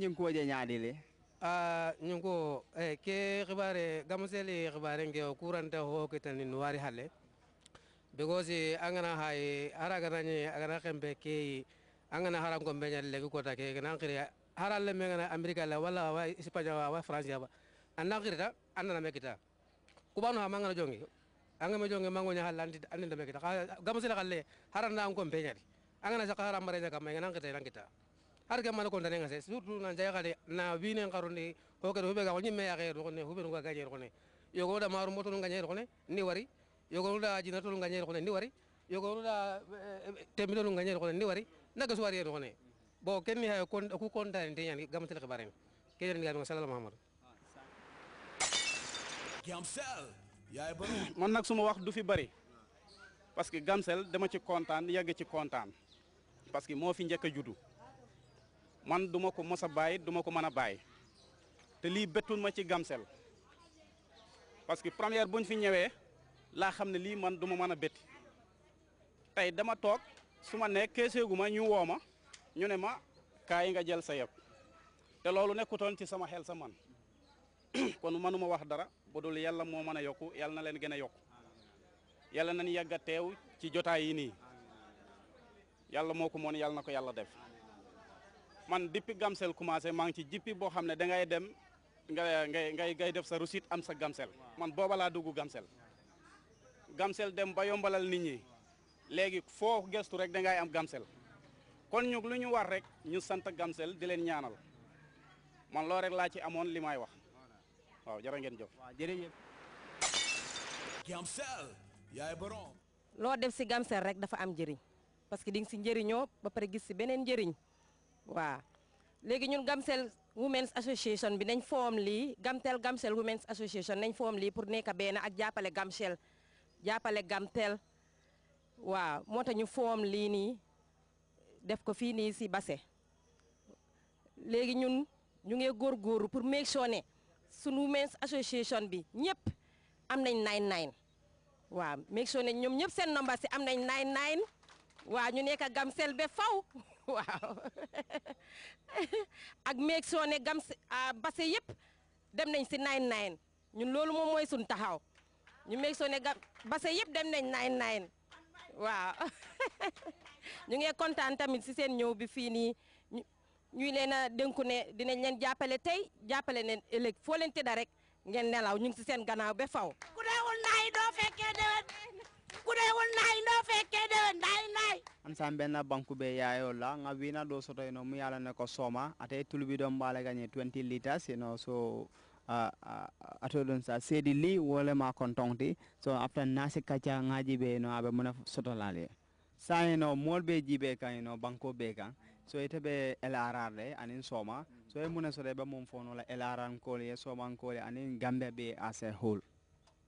ñing ko nyaa ñaadile a ah, ñing ko e eh, ke xibare gamuseli xibare nge ko kuranta ho kitani nuwari halle because eh, angana hay aragana ñi agana xembe ke angana haram ko mbeñal legi ko ta ke ngana haral le mengana america la wala wa espagne wa wa france ba anna xirita anna mekita banu ha ngana jongi anga ma jongi halandi ande mekita kita gamusela halle haranda an ko mbeñal angana sa xaram mare nya ma ngana ngita ngita arga mana kon tanenga se surtout nan jaya kale na winen karone ko ke hube ga onyimme ya ke rone hube nga ga rone yogo da maru moto nga nyer rone ni wari yogo da jinato nga nyer rone ni wari yogo da temido nga nyer rone ni wari naga suwari rone bo ken ni hay kon ku kon tan te yani gam tel khibaren ke jere nga sallallahu muhammad gamsel yaay baru man nak suma wax du fi bari parce que gamsel dama ci contane yag ci contane parce que mo fi ñëk judu man duma ko mossa baye duma ko meuna baye te li ma ci gamsel parce que première buñ fi ñëwé la xamné li man duma meuna a betti tey dama tok suma ma ne keeseeguma ñu woma ñu ne ma kay nga jël sa yëpp te lolu nekuton ci sama xel sa man kon manuma wax dara bu dul yàlla moo mën yokku yalla na leen gëna yokku yalla nañ yagga a ci jotay yi ni yalla moko mon yalla nako yalla man depuis gamsel commencé maa ngi ci jippi bo xamné da ngay dem nga ngay ngay ngay def sa rusit am sa gamsel man boba la duggu gamsel gamsel dem ba yombalal nit ñi légui fo gestu rek da ngay am gamsel kon ñu luñu war rek ñu sant gamsel di len ñaanal man lo rek la ci amone limay wax waaw jara ngeen jox waaw gamsel yaay borom lo def ci gamsel rek dafa am njëriñ parce que di ci si ba pare gis si benen njëriñ waaw léegi ñun Gamcel Women's Association bi nañ foom lii Gamtel Gamcel Women's Association nañ foom lii pour nekk benn ak jàppale Gamcel jàppale Gamtel waa moo tax ñu foom lii nii def ko fii nii si Basse léegi ñun ñu góor góor pour make sure ne sunu Women's Association bi ñëpp am nañ nine nine waaw make sure ñoom ñëpp seen nomba si am nañ nine nine waa ñu nekk gamsel ba faw waaw ak meeg soone gam ah, base yëpp dem nañ si nine nine ñun loolu moom mooy suñ taxaw ñu meeg soone gam base yëpp dem nañ nine nine waaw ñu ngi kontaan tamit si seen ñëw bi fii nii ñuy leen a dénku ne dinañ leen jàppale tey jàppale leen ëllëg foo leen tëdda rek ngeen nelaw ñu ngi si seen gannaaw be faw ku deewul naa doo fekkee déwén kuɗoy won nayino fekke eh, dewe nday nay an san benna banku be yayo la nga wina do soto ino mu yala ne ko soma ate tulubi don bala ganye 20 liters you know so uh, uh, ato don sa sedi li wole ma kontonti so after nasi kacha ngaji be no abe muna soto lale sa ino mol be jibe kan ino banko be kan so ite e be LRR de anin soma so e muna soto e be mum fono la LRR ko le e soma ko le anin gambe be as a whole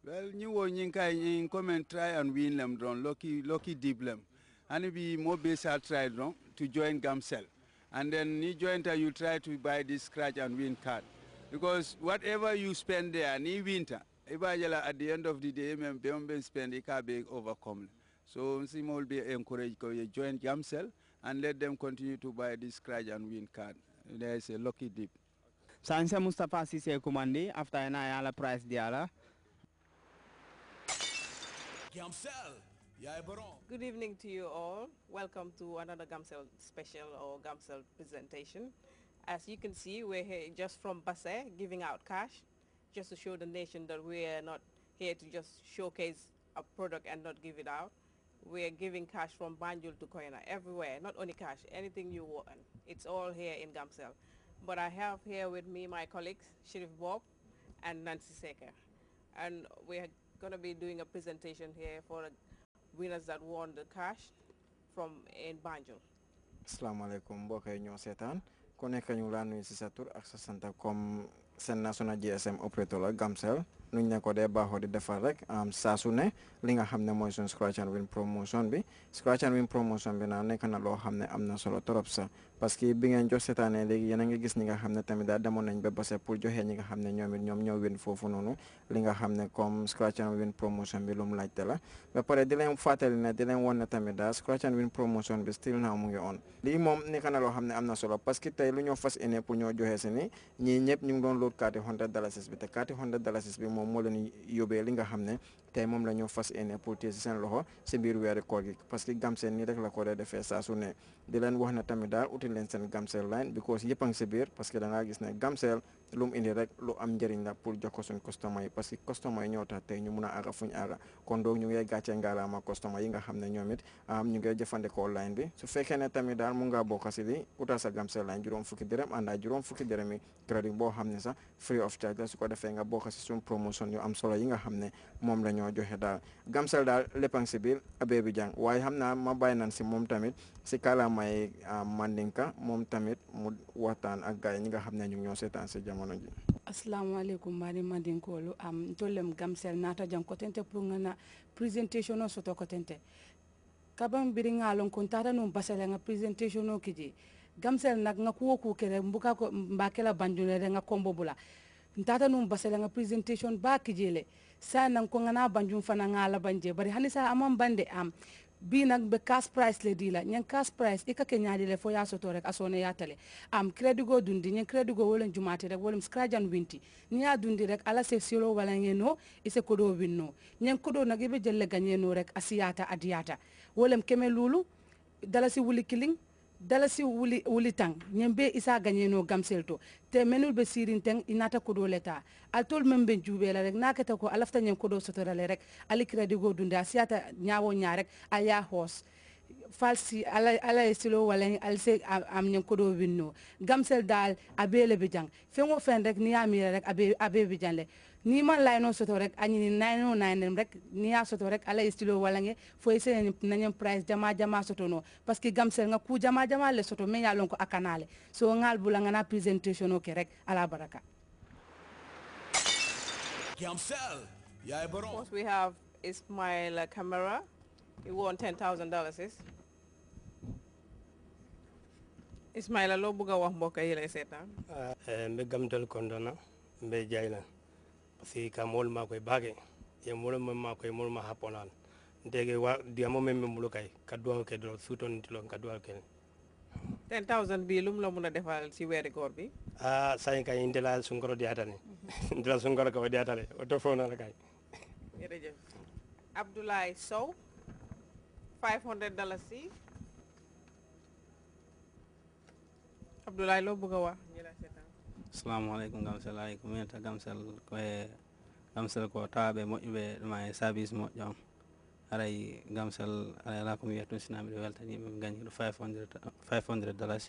Well, new one in come and try and win them drone, lucky lucky deep them. And be more base try tried wrong to join Gamcell. And then new join you try to buy this scratch and win card. Because whatever you spend there, in winter, Ibajala at the end of the day, Mbembe spend it can be overcome. So Nsimo will be encouraged to join Gamcell and let them continue to buy this scratch and win card. There is a lucky dip. Sansa Mustafa Sise Kumandi after an Ayala price diala. Gamsel. Good evening to you all. Welcome to another Gamsel special or Gamsel presentation. As you can see, we're here just from Basse giving out cash just to show the nation that we're not here to just showcase a product and not give it out. We're giving cash from Banjul to Koina, everywhere, not only cash, anything you want. It's all here in Gamsel. But I have here with me my colleagues, Sheriff Bob and Nancy Seker, And we going to be doing a presentation here for winners that won the cash from in Banjul. Assalamu alaikum ñoo ku nekk ñu sa ak sa sant comme sen national GSM operator la Gamcel nuñ ne ko dé baaxoo di défar rek sa su né li nga xamné moy sun scratch and win promotion bi scratch and win promotion bi na nek na lo xamné amna solo torop sa parce que bi ngeen jox seetaanee léegi yéen a ngi gis ni nga xamné tamit da demoon nañ ba bassé pour joxé ñi nga xamné ñom ñom win fofu nonu li nga xamné comme scratch and win promotion bi lu mu té la ba paré di leen fatali né di leen wonné tamit da scratch and win promotion bi still na mu ngi on li mom nek na lo xamné ne solo parce que tay lu ñoo fas ene pour ñoo joxé si ni ñii ñu ngi doon loolu hundred dalasis bi te kaati hundred dalasis bi moom moo leen yóbbee li xam ne tay mom lañu ñoo fas yéene pour tes sen loxo ci bir weeri koor gi parce que gamseel ni rek la ko dé défé sa su né di len wax ne tamit daal uti leen seen gamseel line because yëpp a ngi si parce que da nga gis ne gamseel lu mu indi rek lu am jëriñ la pour jox ko suñ customer yi parce que customer ñoo ñu mëna ara fuñ ara kon do ñu gatché gàccee ma customer yi nga xamné ñomit am ñu ngay jëfandé ko line bi su féké né tamit dal mu nga bokk ci li outa sa gamseel line juroom fukki dërëm anda juroom fukki dërëm mi crédit bo xamné sa free of charge su ko défé nga bokk ci sun promotion yu am solo yi nga xamné mom lañu ñoo joxe daal gamsel daal léppang si biir abee bi waaye xam naa ma bàyyi nan si moom tamit si kàllaamay ah, mandinka moom tamit mu waxtaan ak gars yi ñi nga xam ne ñu ñoo seetaan si jamono ji assalamualaikum mari madinkoolu am tollem gamsel naata jang kotente pour ngana presentation o soto kotente kaban biri ngalon kon tata num basale nga presentation o kiji gamsel nak nga kuwo ku kere mbuka ko mbakela banjunere nga kombo bula ntata num basale nga presentation ba kijele saa nan ko nga naa banjum fana nga banje bari hani saa aman bande am bi nag be cash price le di la ñen cash price i ke ñaadi le fo yaa soto rek a soone yaa tale am crédit go dundi ñen crédit go wolen jumaati rek wolem scratch and winti ni dundi rek ala sef silo wala ngeen no i kodo win no kodo nag jelle gañee no rek a siyaata adiyaata keme luulu dalasi wuli kiling dalasi wuli wuli tang nyembe isa ganyeno gamsel to te menul be sirin tang inata kodo leta altol men ben jube la rek nakata ko alafta nyen kodo sotorale rek ali credit go dunda siata nyaawo nya rek aya hos falsi ala ala wala am ko do gamsel dal abele bi jang fen rek ni ami rek abe abe bi ni man lay no soto rek ani ni rek ni ya soto rek ala wala nge price jama jama soto no parce que gamsel nga ku jama jama le soto me ko akanale so ngal nga na presentation rek ala baraka Gamsel we have Ismail camera. He won $10,000. Ismaila loo bëgg a wax mbokk yi lay seetaan ah, eh, mbe gamtal kondona mbe jaylan parce que kam wol ma koy baage ye mol ma koy mol ma hapolan ndege wa diamo meme mulu kay kaddu ke do suton tilon ke 10000 bi lum la mun a defal ci weeri koor bi ah sayin kay ndela sungoro diatale mhm. ndela sungoro ko diatale oto fona la kay Abdoulaye loo bëgg a wax ñu la seetaan asalaamaaleykum gamsel aleykum gamsel gamsel ko e service moƴƴo on aray gamsel ala komi wiyata ɗum sinaɓe ɗo mi gañi 500 dollars